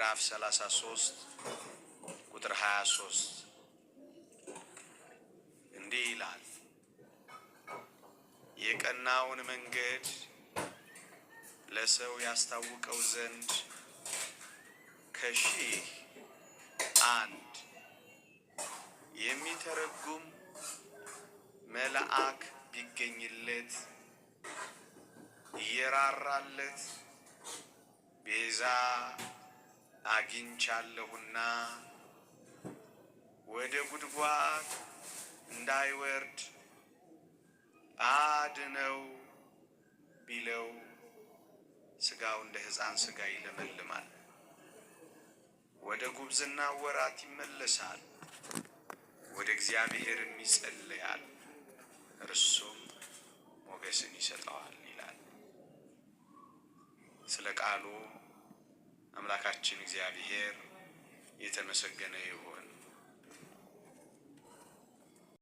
ምዕራፍ 33 ቁጥር 23 እንዲህ ይላል፣ የቀናውን መንገድ ለሰው ያስታውቀው ዘንድ ከሺህ አንድ የሚተረጉም መልአክ ቢገኝለት እየራራለት ቤዛ አግኝቻለሁና ወደ ጉድጓድ እንዳይወርድ አድነው ቢለው ስጋው እንደ ሕፃን ስጋ ይለመልማል፣ ወደ ጉብዝና ወራት ይመለሳል፣ ወደ እግዚአብሔርም ይጸለያል፣ እርሱም ሞገስን ይሰጠዋል ይላል ስለ ቃሉ አምላካችን እግዚአብሔር የተመሰገነ ይሁን።